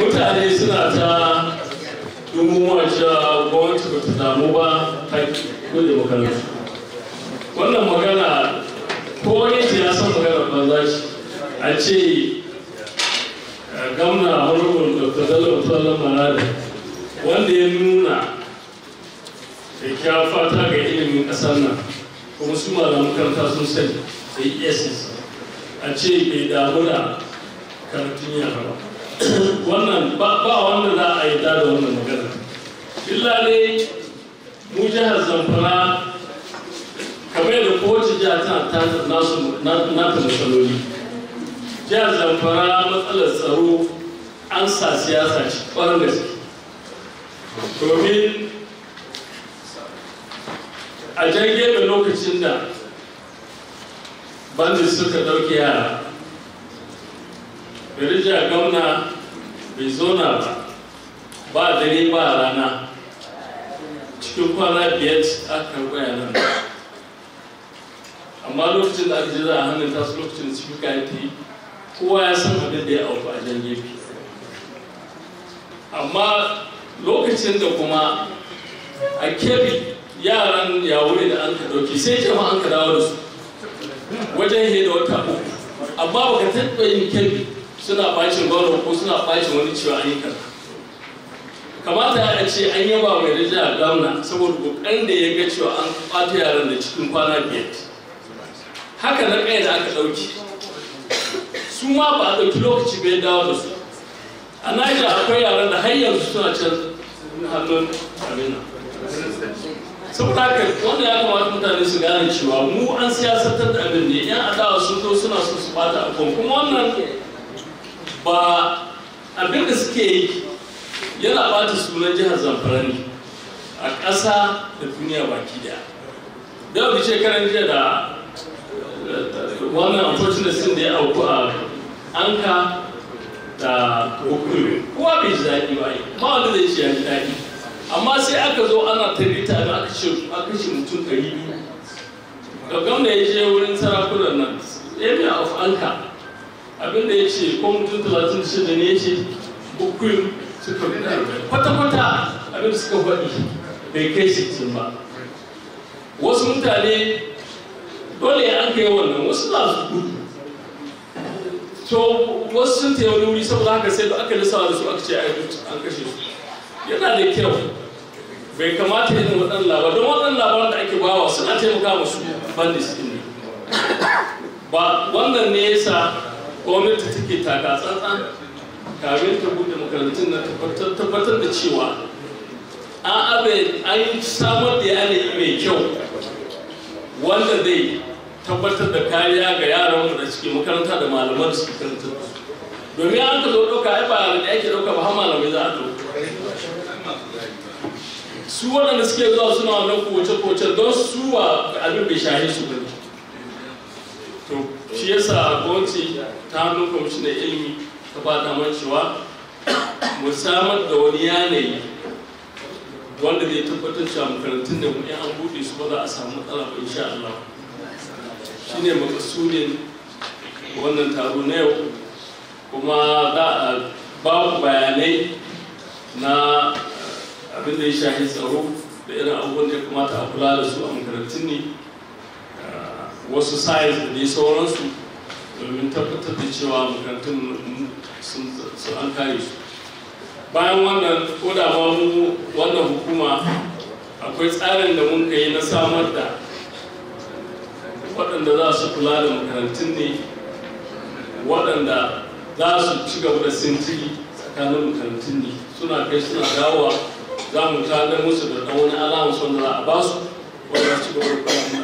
mutane suna ta dubu cewa gwamnati ba ta damu ba haƙƙin da magana wannan magana ko wani ce ya san magana za shi a ce eh, gamna honorable dr dallo tsallan marada wanda ya nuna da kya fata ga ilimin ƙasar nan kuma su malamu karanta sun sani da yi e a ce bai damu da karatun yara ba wannan ba wanda za a yi da wannan magana illa ne mu jihar zamfara kamar yadda kowace jiha tana tasir nasu nata matsaloli jihar zamfara matsalar tsaro an sa siyasa ci da gaske domin a jirgin lokacin da bandit suka ɗauke yara Birisha gwamna bai zauna ba, ba dare ba rana. Cikin kwana biyar aka waya nan. Amma lokacin da aka jira a hannun tasu lokacin su ta yi, kowa ya san abin da ya auku a jan gefe. Amma lokacin da kuma a kebe yaran yawuri da an ka ɗauki sai jama'a an ka dawo da su wajen da wata uku amma baka taɓa yin kebi suna bacin gwamnan ko suna bacin wani cewa an yi kaza kamata a ce an yi ba mai a gwamna saboda kokarin da ya ga cewa an kwato yaran da cikin kwana biyar haka na kai da aka ɗauki su ma ba a ɗauki lokaci bai dawo da su a naija akwai yaran da har yanzu suna can hannun Amina. saboda haka wanda ya kamata mutane su gane cewa mu an siyasantar da abin ne yan adawa sun zo suna so su bata abubuwan kuma wannan ba abin da suke yi yana bata sunan jihar zamfara ne a ƙasa da duniya baki da da wani shekaran jiya da wannan unfortunate sin da ya auku a anka da kokuri kowa bai ji daɗi ba yi ma wanda zai ji ya ji daɗi amma sai aka zo ana ta rita da aka ce aka ce mutum ɗari biyu da gwamna ya je wurin sarakunan nan area of anka Abin da ya ce ko mutum talatin da shida ne ya ce hukun suka kwata-kwata abin suka faɗi bai kai sittin ba wasu mutane dole ya an kai wannan wasu za su gudu to wasu sun taya wani wuri saboda haka sai da aka lissawa da su aka ce an kashe su yana da kyau bai kamata irin waɗannan labar don waɗannan labar da ake bawa suna taimaka musu bandis ɗin ne ba wannan ne yasa gwamnati take taka tsantsan kamin ta bude makarantun na tabbatar da cewa an abe an samar da yanayi mai kyau wanda zai tabbatar da kariya ga yaran da suke makaranta da malaman su karanta domin an ka zo ɗauka ai ba da yake ɗauka ba har malamai za a ɗauka su waɗanda suke zuwa suna wannan kowace-kowace don suwa abin bai shahi su gani shi yasa gwamnati ta hannu kwamishinan ilimi ta ba ta cewa mu samar da wani yanayi wanda zai tabbatar cewa makarantun da mu'in an buɗe su ba za a samu matsala ba insha Allah shi ne makasudin wannan taro na yau kuma za a babu bayanai na abin da ya shafi tsaro da irin abubuwan da ya kamata a kula da su a makarantun ne wasu sayis da sauransu domin tabbatar da cewa makarantun sun an kare su bayan wannan ko da ma mu wannan hukuma akwai tsarin da mun yi na samar da waɗanda za su kula da makarantun ne waɗanda za su ci gaba da sintiri tsakanin makarantun ne suna kai suna dawowa za mu tagar musu da wani alamun wanda za a basu wanda su gaba da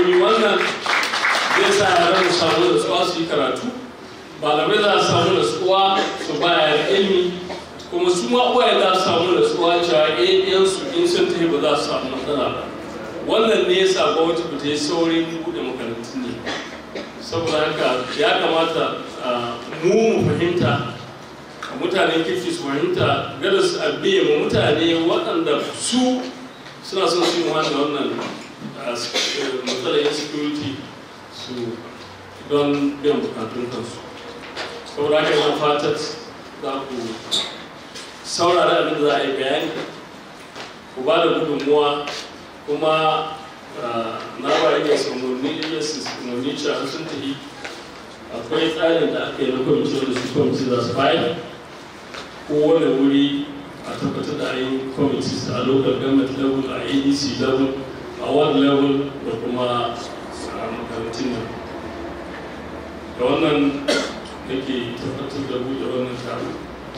ni wannan zai sa yaran su samu da tsuwa su yi karatu malamai za su samu da tsuwa su baya ilimi kuma su ma uwaye za su samu da tsuwa cewa eh, ɗayan su in sun tafi ba za su samu matsala ba wannan ne ya sa gwamnati ba ta yi saurin buɗe makarantun ne saboda haka ya kamata mu mu fahimta mutanen kirki su fahimta gada su abiye ma mutane waɗanda su suna son su yi wannan as eh, matsalar Security su don biyan bukatun kansu saboda haka yana fatat za ku saurara abin da za a yi bayani ku ba da gudunmuwa kuma eh, na ba iya samurni iya samurni cewa sun tafi akwai tsarin da aka yi na kwamitin da su kwamitin za su bayan kowane wuri a tabbatar da ayin kwamitin a lokacin gwamnati level a adc level a level da kuma a makarantun da wannan nake tabbatar da buɗe wannan taro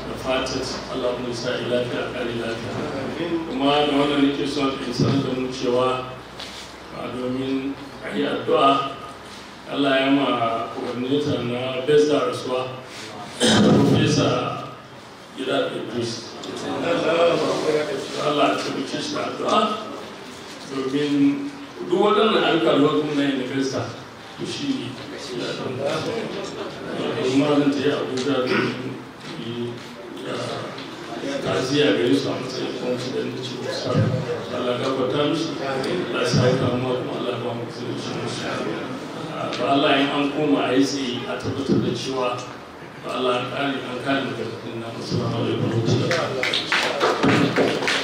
da fatat Allah mu sa lafiya ƙari lafiya kuma da wannan nake son in san da mu cewa a domin a yi addu'a Allah ya ma coordinator na da Rasuwa Professor Gida Idris Allah ya tabbace shi da addu'a domin duk waɗannan ayyuka da wasu na yin kirista to shi ne kuma zan ta abuja da yi eh, taziya gare su a matsayin kuma da ci wasu Allah gabata musu Allah sa yi kamuwa kuma Allah ba da shi musu ba Allah yin an koma a yi a tabbatar da cewa ba Allah ƙari an kare da na musu ba ma da ya